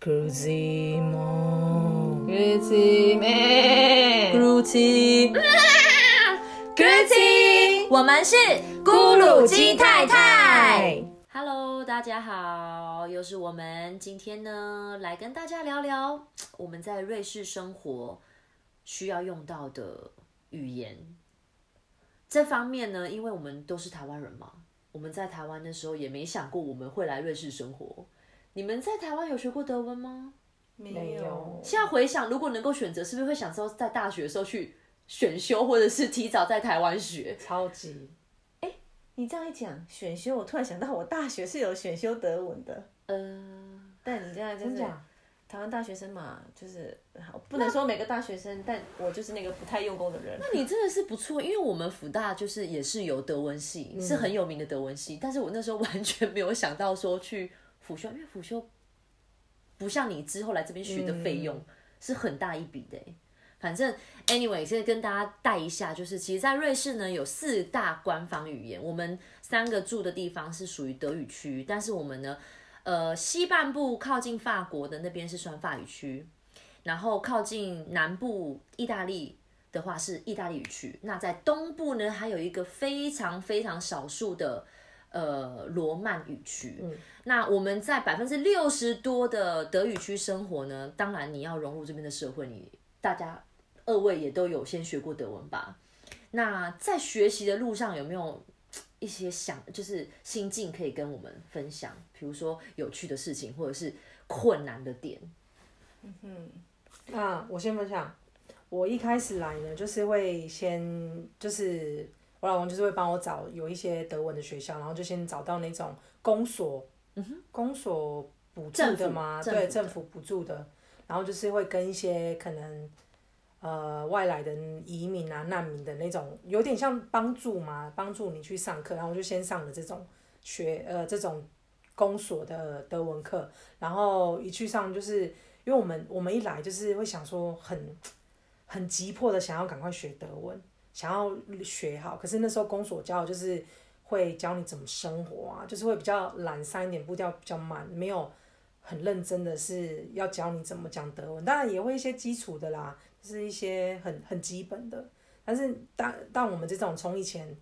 Grüzi，mon，Grüzi，me，Grüzi，Grüzi，我們是咕嚕雞太太。Hello，大家好，又是我們今天呢，來跟大家聊聊我們在瑞士生活需要用到的語言。這方面呢，因為我們都是台灣人嘛，我們在台灣的時候也沒想過我們會來瑞士生活。你們在台灣有學過德文嗎？沒有。現在回想，如果能夠選擇，是不是會想說在大學的時候去選修，或者是提早在台灣學？超級。哎、欸，你這樣一講，選修，我突然想到，我大學是有選修德文的。嗯、呃，但你這樣就是假台灣大學生嘛，就是不能說每個大學生，那但我就是那個不太用功的人。那你真的是不錯，因為我們輔大就是也是有德文系，嗯、是很有名的德文系，但是我那時候完全沒有想到說去，輔修，因為輔修不像你之後來這邊學的費用、嗯、是很大一筆的。反正 anyway，現在跟大家帶一下，就是其實，在瑞士呢有四大官方語言，我們三個住的地方是屬於德語區，但是我們呢，呃，西半部靠近法國的那邊是算法語區，然後靠近南部意大利的話是意大利語區，那在東部呢還有一個非常非常少數的。呃，羅曼語區。嗯、那我們在百分之六十多的德語區生活呢，當然，你要融入這邊的社會，你大家二位也都有先學過德文吧？那在學習的路上有沒有一些想，就是心境可以跟我們分享？比如說有趣的事情，或者是困難的點？嗯哼，那、啊、我先分享。我一開始來呢，就是會先就是。我老公就是會幫我找有一些德文的學校，然後就先找到那種公所，嗯哼，公所補助的嘛，政府，對，政府補助的，然後就是會跟一些可能，呃，外來的移民啊、難民的那種，有點像幫助嘛，幫助你去上課，然後我就先上了這種學，呃，這種公所的德文課，然後一去上就是，因為我們我們一來就是會想說很，很急迫的想要趕快學德文。想要學好，可是那時候公所教就是會教你怎麼生活啊，就是會比較懶散一點，步調比較慢，沒有很認真的，是要教你怎麼講德文，當然也會一些基礎的啦，就是一些很很基本的。但是當當我們這種從以前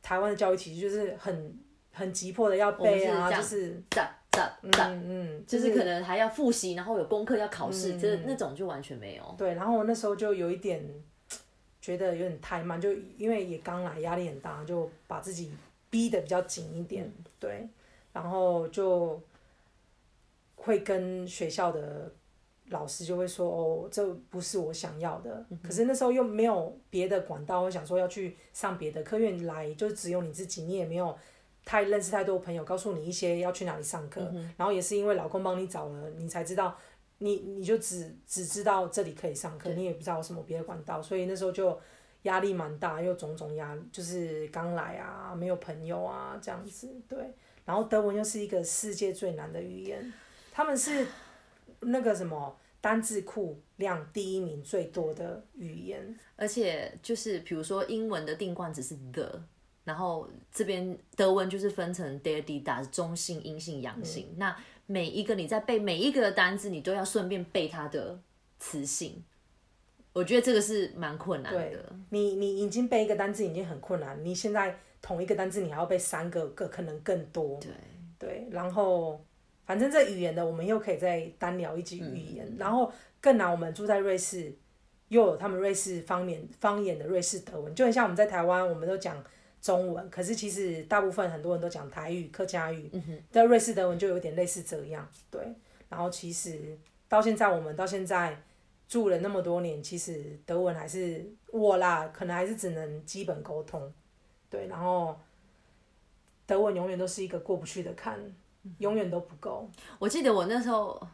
台灣的教育體系就是很很急迫的要背啊，是就是嗯，嗯就是、就是可能還要複習，然後有功課要考試，就是、嗯這個、那種就完全沒有。對，然後我那時候就有一點。覺得有點太慢，就因為也剛來，壓力很大，就把自己逼得比較緊一點，嗯、對。然後就，會跟學校的老師就會說，哦，這不是我想要的。嗯、可是那時候又沒有別的管道，我想說要去上別的課院來，就只有你自己，你也沒有太認識太多朋友，告訴你一些要去哪裡上課。嗯、然後也是因為老公幫你找了，你才知道。你你就只只知道這裡可以上課，你也不知道有什麼別的管道，對所以那時候就壓力蠻大，又種種壓力，就是剛來啊，沒有朋友啊這樣子，對。然後德文又是一個世界最難的語言，他們是那個什麼單字庫量第一名最多的語言，而且就是比如說英文的定冠詞是 the，然後這邊德文就是分成 der、die、das 中性、陰性，性、陽性、嗯，那。每一個你在背每一個單字，你都要順便背它的詞性。我覺得這個是蠻困難的。你你已經背一個單字，已經很困難，你現在同一個單字，你還要背三個，個可能更多。對對，然後反正這語言的，我們又可以再單聊一句語言。嗯、然後更難，我們住在瑞士，又有他們瑞士方言方言的瑞士德文，就很像我們在台灣，我們都講。中文，可是其實大部分很多人都講台語、客家語，但、嗯、哼瑞士德文就有點類似這樣。對，然後其實到現在我們到現在住了那麼多年，其實德文還是我啦，可能還是只能基本溝通。對，然後德文永遠都是一個過不去的坎，永遠都不夠。我記得我那時候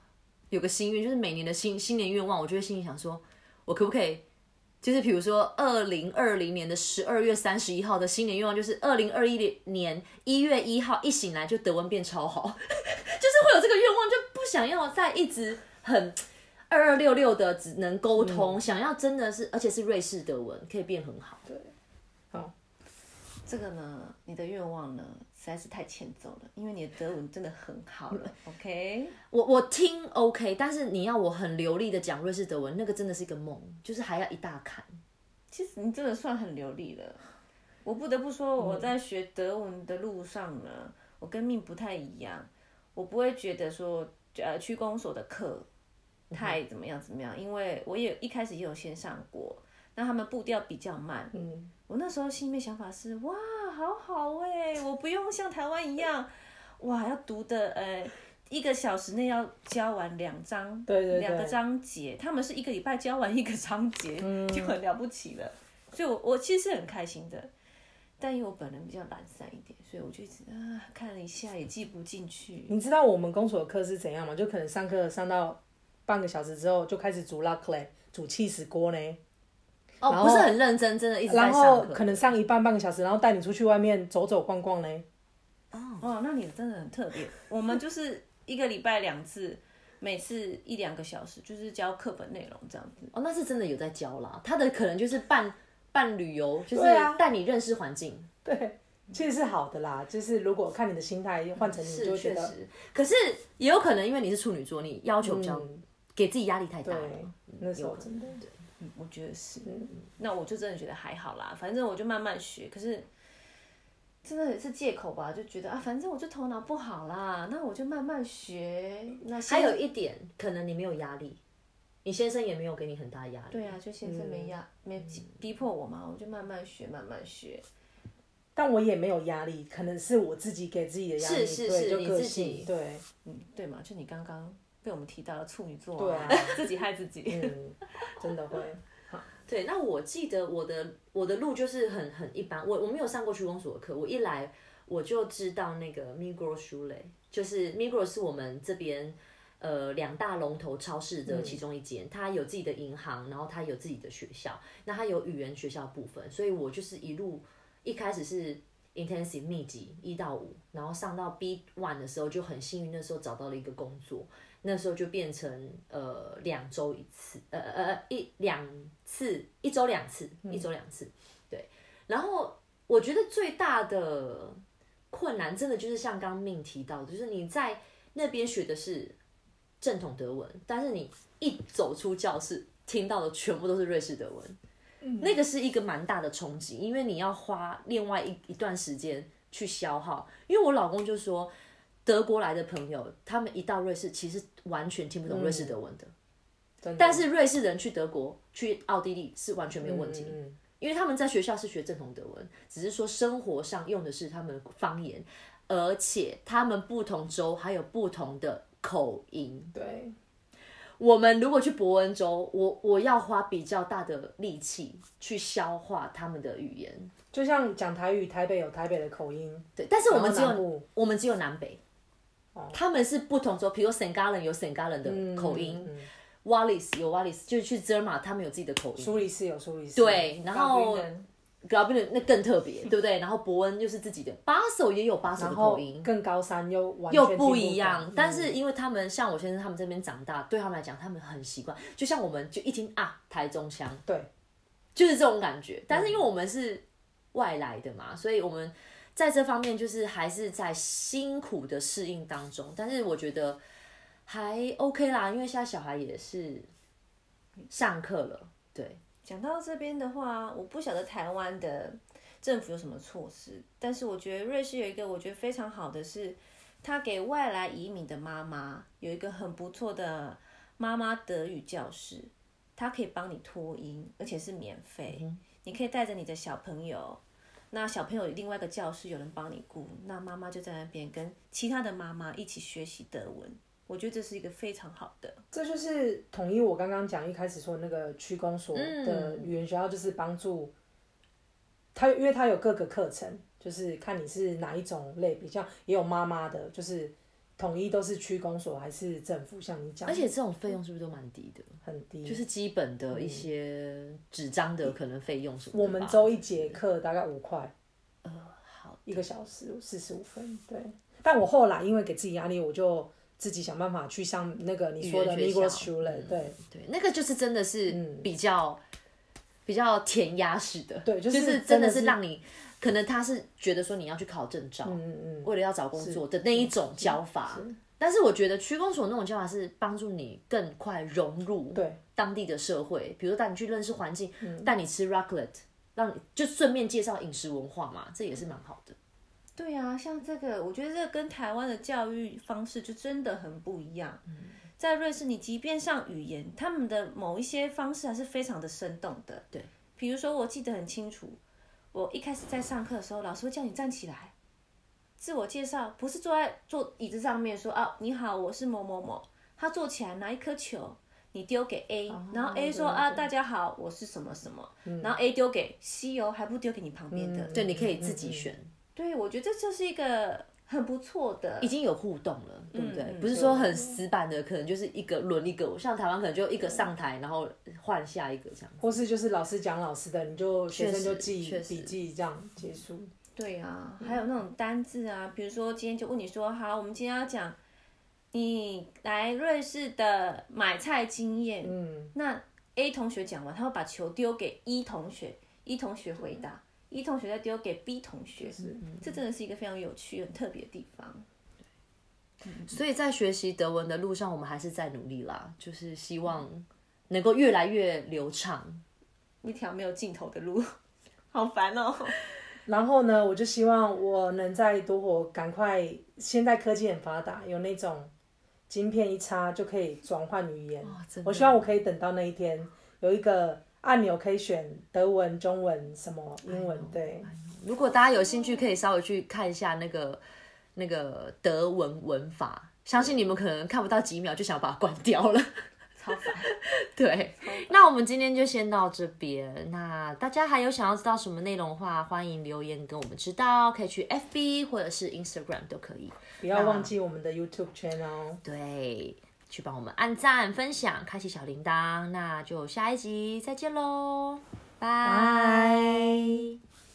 有個心願，就是每年的新新年願望，我就會心裡想說，我可不可以？就是比如說，二零二零年的十二月三十一號的新年願望，就是二零二一年一月一號一醒來就德文變超好， 就是會有這個願望，就不想要再一直很二二六六的只能溝通，嗯、想要真的是而且是瑞士德文可以變很好。對，好，這個呢，你的願望呢？實在是太欠揍了，因為你的德文真的很好了。 OK，我我聽 OK，但是你要我很流利的講瑞士德文，那個真的是一個夢，就是還要一大坎。其實你真的算很流利了，我不得不說，我在學德文的路上呢，嗯、我跟命不太一樣，我不會覺得說呃區公所的課太怎麼樣怎麼樣，嗯、哼因為我也一開始也有先上過。那他們步調比較慢。嗯。我那時候心裡面想法是：哇，好好哎、欸，我不用像台灣一樣， 哇，要讀的、呃、一個小時內要教完兩章，兩個章節，他們是一個禮拜教完一個章節，嗯、就很了不起了。所以我，我我其實是很開心的，但因為我本人比較懶散一點，所以我就一直啊、呃，看了一下也記不進去。你知道我們公所的課是怎樣嗎？就可能上課上到半個小時之後，就開始煮拉克雷，煮起司鍋嘞。哦，哦，不是很認真，真的一直在上課。然後可能上一半半個小時，然後帶你出去外面走走逛逛呢？哦，那你真的很特別。 我們就是一個禮拜兩次，每次一兩個小時，就是教課本內容這樣子。哦，那是真的有在教啦。他的可能就是辦辦旅遊，就是帶你認識環境。對，啊、對，其實是好的啦。嗯、就是如果看你的心態換成你，就覺得確實。可是也有可能，因為你是處女座，你要求比較、嗯、給自己壓力太大了。對嗯、那時候真的。我覺得是，嗯、那我就真的覺得還好啦，反正我就慢慢學。可是，真的是借口吧？就覺得啊，反正我就頭腦不好啦，那我就慢慢學。那還有一點，可能你沒有壓力，你先生也沒有給你很大壓力。對啊，就先生沒壓，嗯、沒逼，逼迫我嘛，我就慢慢學，慢慢學。但我也沒有壓力，可能是我自己給自己的壓力。是是是，是是，就你自己對，嗯，對嘛？就你剛剛。被我們提到了處女座、啊，對啊，自己害自己， 嗯、真的會對。好，對，那我記得，我的我的路就是很很一般，我我沒有上過區公所的課，我一來我就知道那個 Migros Schule，就是 Migros 是我們這邊呃兩大龍頭超市的其中一間，嗯、它有自己的銀行，然後它有自己的學校，那它有語言學校部分，所以我就是一路一開始是。intensive 密集一到五，5，然後上到 B one 的時候就很幸運，那時候找到了一個工作，那時候就變成呃兩周一次，呃呃呃一兩次一周兩次、嗯、一周兩次，對。然後我覺得最大的困難真的就是像剛剛明提到的，就是你在那邊學的是正統德文，但是你一走出教室，聽到的全部都是瑞士德文。那個是一個蠻大的衝擊，因為你要花另外一一段時間去消耗。因為我老公就說，德國來的朋友，他們一到瑞士，其實完全聽不懂瑞士德文的。嗯、真的。但是瑞士人去德國、去奧地利是完全沒有問題，嗯嗯嗯、因為他們在學校是學正統德文，只是說生活上用的是他們的方言，而且他們不同州還有不同的口音。對。我們如果去伯恩州，我我要花比較大的力氣去消化他們的語言，就像講台語，台北有台北的口音，對，但是我們只有我們只有南北，好他們是不同州，比如 St. Gallen 有 St. Gallen 的口音，瓦里斯有瓦里斯，就是去 Zermatt 他們有自己的口音，蘇黎世有蘇黎世，對，然後。隔壁的那更特別，對不對？然後伯恩又是自己的，八手也有八手的口音，然後更高三高山又完全不又不一樣。嗯、但是因為他們像我先生他們這邊長大，對他們來講，他們很習慣。就像我們就一聽啊，台中腔，對，就是這種感覺。但是因為我們是外來的嘛，嗯、所以我們在這方面就是還是在辛苦的適應當中。但是我覺得還 OK 啦，因為現在小孩也是上課了，對。講到這邊的話，我不曉得台灣的政府有什麼措施，但是我覺得瑞士有一個我覺得非常好的是，他給外來移民的媽媽有一個很不錯的媽媽德語教室，他可以幫你托嬰，而且是免費，嗯、你可以帶着你的小朋友，那小朋友另外一個教室有人幫你顧，那媽媽就在那邊跟其他的媽媽一起學習德文。我覺得這是一個非常好的，這就是統一。我剛剛講一開始說那個區公所的語言學校，就是幫助他，因為他有各個課程，就是看你是哪一種類別，像也有媽媽的，就是統一都是區公所還是政府，像你講。而且這種費用是不是都蠻低的？很低，就是基本的一些紙張的可能費用是我們週一節課大概五塊，呃、嗯，好，一個小時四十五分，對。但我後來因為給自己壓力，我就。自己想辦法去上那個你說的那 i d d 對對，那個就是真的是比較比較填鴨式的，對，就是真的是讓你，可能他是覺得說你要去考證照，為了要找工作的那一種教法，但是我覺得區公所那種教法是幫助你更快融入當地的社會，比如說帶你去認識環境，帶你吃 Raclette，讓你就順便介紹飲食文化嘛，這也是蠻好的。對啊，像這個，我覺得這個跟台灣的教育方式就真的很不一樣。嗯、在瑞士，你即便上語言，他們的某一些方式還是非常的生動的。對，比如說我記得很清楚，我一開始在上課的時候，老師會叫你站起來自我介紹，不是坐在坐椅子上面說啊你好，我是某某某。他坐起來拿一顆球，你丟給 A，然後 A 說、哦、啊大家好，我是什麼什麼，然後 A 丟給 C、哦，還不丟給你旁邊的，嗯、對，你可以自己選。嗯對，我覺得這是一個很不錯的，已經有互動了，對不對？嗯嗯、不是說很死板的，嗯、可能就是一個輪一個，像台灣可能就一個上台，對然後換下一個這樣，或是就是老師講老師的，你就學生就記筆記這樣結束。對啊，嗯、還有那種單字啊，比如說今天就問你說，好，我們今天要講你來瑞士的買菜經驗，嗯，那 A 同學講完，他會把球丟給一、e、同學，一、e、同學回答。一、E、同學再丟給 B 同學，嗯、這真的是一個非常有趣、很特別的地方。所以，在學習德文的路上，我們還是在努力啦，就是希望能夠越來越流暢。一條沒有盡頭的路， 好煩哦、喔。然後呢，我就希望我能再多活，趕快。現在科技很發達，有那種晶片一插就可以轉換語言。哦、我希望我可以等到那一天，有一個。按鈕可以選德文、中文、什麼英文。對，如果大家有興趣，可以稍微去看一下那個那個德文文法，相信你們可能看不到幾秒就想把它關掉了， 超煩煩。 對，煩那我們今天就先到這邊。那大家還有想要知道什麼內容的話，歡迎留言跟我們知道，可以去 FB 或者是 Instagram 都可以，不要忘記我們的 YouTube Channel。對。去幫我們按讚、分享、開啟小鈴鐺，那就下一集再見嘍，拜拜。